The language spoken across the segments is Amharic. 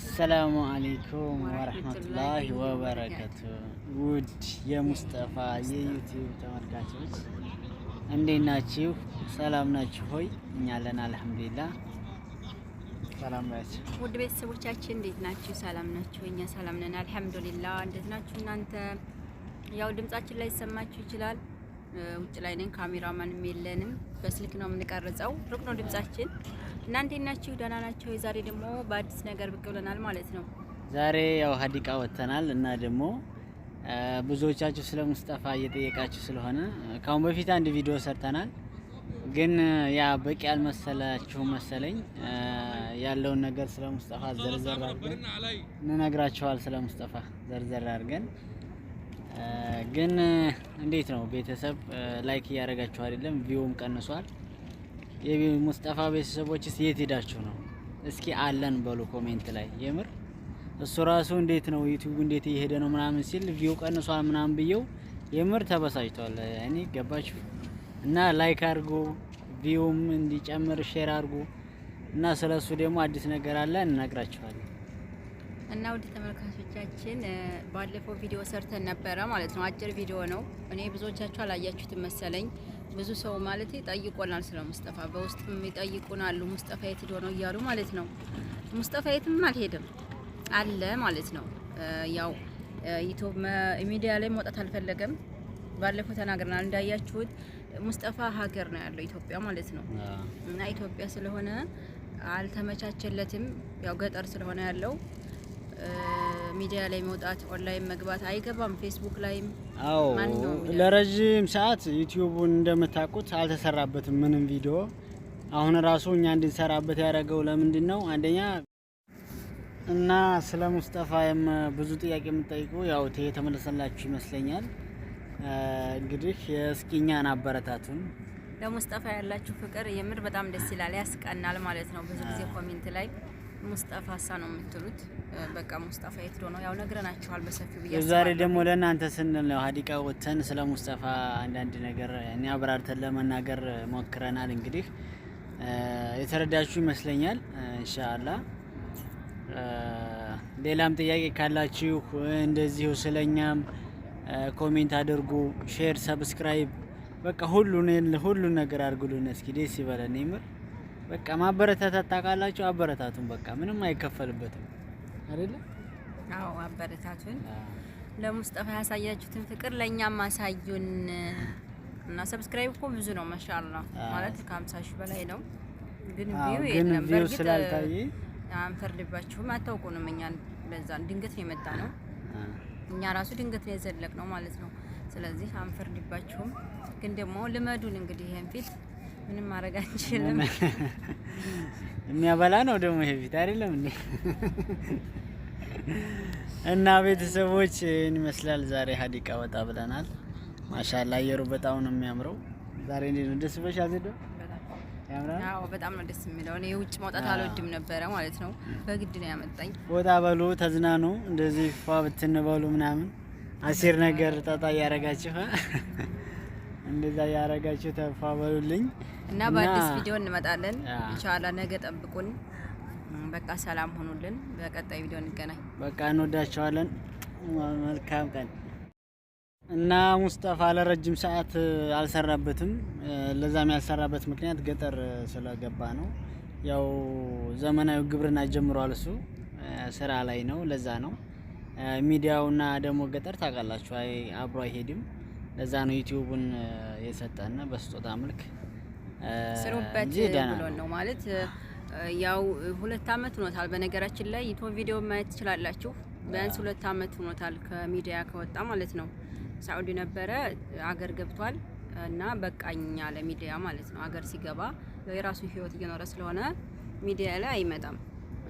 አሰላሙ አሌይኩም ወረህመቱላህ ወበረከቱ። ውድ የሙስጠፋ የዩቲዩብ ተመልካቾች እንዴት ናችሁ? ሰላም ናችሁ ሆይ? እኛ አለን አልሐምዱሊላ። ሰላም ናችሁ? ውድ ቤተሰቦቻችን እንዴት ናችሁ? ሰላም ናችሁ? እኛ ሰላም ነን አልሐምዱሊላ። እንዴት ናችሁ እናንተ? ያው ድምጻችን ላይ ሊሰማችሁ ይችላል ውጭ ላይ ነን። ካሜራማንም የለንም። በስልክ ነው የምንቀርጸው። ሩቅ ነው ድምጻችን እና ናችሁ? ደህና ናቸው። የዛሬ ደግሞ በአዲስ ነገር ብቅ ብለናል ማለት ነው። ዛሬ ያው ሀዲቃ ወጥተናል እና ደግሞ ብዙዎቻችሁ ስለ ሙስጠፋ እየጠየቃችሁ ስለሆነ ካሁን በፊት አንድ ቪዲዮ ሰርተናል፣ ግን ያ በቂ ያልመሰላችሁ መሰለኝ። ያለውን ነገር ስለ ሙስጠፋ ዘርዘር አድርገን እንነግራችኋል። ስለ ሙስጠፋ ዘርዘር አድርገን ግን እንዴት ነው ቤተሰብ ላይክ እያደረጋችሁ አይደለም? ቪውም ቀንሷል። የሙስጠፋ ቤተሰቦችስ የት ሄዳችሁ ነው? እስኪ አለን በሉ ኮሜንት ላይ የምር እሱ ራሱ እንዴት ነው ዩቲዩብ እንዴት እየሄደ ነው ምናምን ሲል ቪው ቀንሷል ምናምን ብየው የምር ተበሳጭቷል። እኔ ገባችሁ እና ላይክ አድርጎ ቪውም እንዲጨምር ሼር አድርጎ እና ስለሱ ደግሞ አዲስ ነገር አለ እንነግራችኋለን። እና ውድ ተመልካቾቻችን ባለፈው ቪዲዮ ሰርተን ነበረ ማለት ነው። አጭር ቪዲዮ ነው። እኔ ብዙዎቻችሁ አላያችሁት መሰለኝ። ብዙ ሰው ማለት ጠይቆናል ስለ ሙስጠፋ፣ በውስጥም ይጠይቁናሉ ሙስጠፋ የት ሄዶ ነው እያሉ ማለት ነው። ሙስጠፋ የትም አልሄድም አለ ማለት ነው። ያው ዩቲዩብ ሚዲያ ላይ መውጣት አልፈለገም። ባለፈው ተናግረናል እንዳያችሁት። ሙስጠፋ ሀገር ነው ያለው ኢትዮጵያ ማለት ነው። እና ኢትዮጵያ ስለሆነ አልተመቻቸለትም። ያው ገጠር ስለሆነ ያለው ሚዲያ ላይ መውጣት፣ ኦንላይን መግባት አይገባም። ፌስቡክ ላይም አዎ፣ ለረዥም ሰዓት ዩቲዩቡን እንደምታውቁት አልተሰራበትም ምንም ቪዲዮ። አሁን ራሱ እኛ እንድንሰራበት ያደረገው ለምንድን ነው? አንደኛ እና ስለ ሙስጠፋ ብዙ ጥያቄ የምጠይቁ ያው የተመለሰላችሁ ይመስለኛል። እንግዲህ እስኪ እኛን አበረታቱን። ለሙስጠፋ ያላችሁ ፍቅር የምር በጣም ደስ ይላል፣ ያስቀናል ማለት ነው። ብዙ ጊዜ ኮሜንት ላይ ሙስጠፋ ሳ ነው የምትሉት። በቃ ሙስጠፋ የት ዶ ነው ያው ነግረናችኋል በሰፊው ብዬ ዛሬ ደግሞ ለእናንተ ስንል ነው ሀዲቃ ወተን ስለ ሙስጠፋ አንዳንድ ነገር እኔ አብራርተን ለመናገር ሞክረናል። እንግዲህ የተረዳችሁ ይመስለኛል። እንሻአላ ሌላም ጥያቄ ካላችሁ እንደዚሁ ስለኛም ኮሜንት አድርጉ፣ ሼር፣ ሰብስክራይብ በቃ ሁሉን ሁሉን ነገር አድርጉልን። እስኪ ደስ ይበለን የምር በቃ ማበረታታት ታውቃላችሁ፣ አበረታቱን። በቃ ምንም አይከፈልበትም አይደለ? አዎ አበረታቱን። ለሙስጠፋ ያሳያችሁትን ፍቅር ለእኛም አሳዩን እና ሰብስክራይብ እኮ ብዙ ነው ማሻአላ ማለት ከሀምሳ ሺህ በላይ ነው። ግን ቪው የለም። በእርግጥ ስላልታየ አንፈርድባችሁም፣ አታውቁንም። እኛን በዛ ድንገት ነው የመጣ ነው። እኛ ራሱ ድንገት ነው የዘለቅ ነው ማለት ነው። ስለዚህ አንፈርድባችሁም። ግን ደግሞ ልመዱን እንግዲህ ይሄን ፊት ምንም ማድረግ አንችልም። የሚያበላ ነው ደግሞ ይሄ ፊት አይደለም እንዴ? እና ቤተሰቦች ይህን ይመስላል ዛሬ ሀዲቃ ወጣ ብለናል። ማሻላ አየሩ በጣም ነው የሚያምረው ዛሬ። እንዴት ነው ደስ በሻ አዜዶ? አዎ በጣም ነው ደስ የሚለው። እኔ ውጭ መውጣት አልወድም ነበረ ማለት ነው። በግድ ነው ያመጣኝ። ወጣ በሉ ተዝናኑ፣ እንደዚህ ፏ ብትንበሉ ምናምን አሲር ነገር ጠጣ እያረጋችሁ እንደዛ ያረጋችሁ ተፋበሉልኝ እና በአዲስ ቪዲዮ እንመጣለን። ኢንሻአላህ ነገ ጠብቁን። በቃ ሰላም ሆኑልን። በቀጣይ ቪዲዮ እንገናኝ። በቃ እንወዳቸዋለን። መልካም ቀን እና ሙስጠፋ ለረጅም ሰዓት አልሰራበትም። ለዛም ያልሰራበት ምክንያት ገጠር ስለገባ ነው። ያው ዘመናዊ ግብርና ጀምሯል። እሱ ስራ ላይ ነው። ለዛ ነው ሚዲያውና ደግሞ ገጠር ታውቃላችሁ አብሮ አይሄድም። ለዛ ነው ዩቲዩቡን የሰጠን በስጦታ መልክ ስሩበት ብሎን ነው ማለት ያው ሁለት አመት ሆኖታል። በነገራችን ላይ ዩቲዩብ ቪዲዮ ማየት ትችላላችሁ። ቢያንስ ሁለት አመት ሆኖታል ከሚዲያ ከወጣ ማለት ነው። ሳውዲ ነበረ አገር ገብቷል እና በቃኛ ለሚዲያ ማለት ነው። አገር ሲገባ የራሱ ህይወት እየኖረ ስለሆነ ሚዲያ ላይ አይመጣም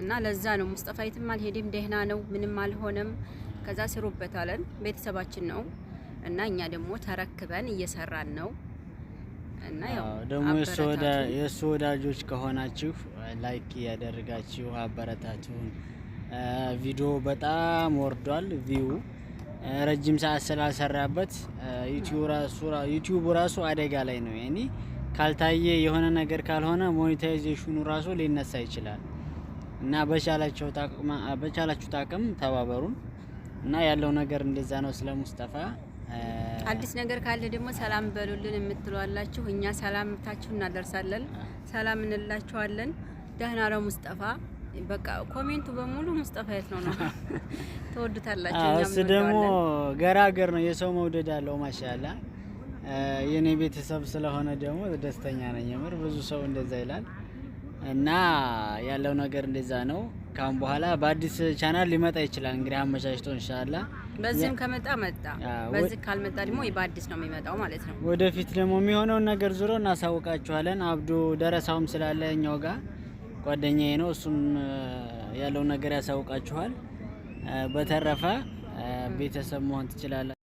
እና ለዛ ነው ሙስጠፋ የትም አልሄድም፣ ደህና ነው፣ ምንም አልሆነም። ከዛ ስሩበት አለን። ቤተሰባችን ነው እና እኛ ደግሞ ተረክበን እየሰራን ነው እና ያው ደግሞ የእሱ ወዳጆች ከሆናችሁ ላይክ እያደረጋችሁ አበረታችሁን። ቪዲዮ በጣም ወርዷል ቪው ረጅም ሰዓት ስላልሰራበት ዩቲዩብ ራሱ አደጋ ላይ ነው። ያኔ ካልታየ የሆነ ነገር ካልሆነ ሞኔታይዜሽኑ ራሱ ሊነሳ ይችላል እና በቻላችሁት አቅም ተባበሩን እና ያለው ነገር እንደዛ ነው። ስለ ሙስጠፋ አዲስ ነገር ካለ ደግሞ ሰላም በሉልን የምትሏላችሁ እኛ ሰላምታችሁ እናደርሳለን። ሰላም እንላችኋለን። ደህና ነው ሙስጠፋ። በቃ ኮሜንቱ በሙሉ ሙስጠፋ የት ነው ነው ተወዱታላችሁ። እሱ ደግሞ ገራገር ነው፣ የሰው መውደድ አለው። ማሻላ የእኔ ቤተሰብ ስለሆነ ደግሞ ደስተኛ ነኝ። የምር ብዙ ሰው እንደዛ ይላል እና ያለው ነገር እንደዛ ነው። ካሁን በኋላ በአዲስ ቻናል ሊመጣ ይችላል። እንግዲህ አመቻችቶ እንሻላ በዚህም ከመጣ መጣ፣ በዚህ ካልመጣ ደግሞ በአዲስ ነው የሚመጣው ማለት ነው። ወደፊት ደግሞ የሚሆነውን ነገር ዙሮ እናሳውቃችኋለን። አብዱ ደረሳውም ስላለ እኛው ጋር ጓደኛዬ ነው፣ እሱም ያለው ነገር ያሳውቃችኋል። በተረፈ ቤተሰብ መሆን ትችላለን።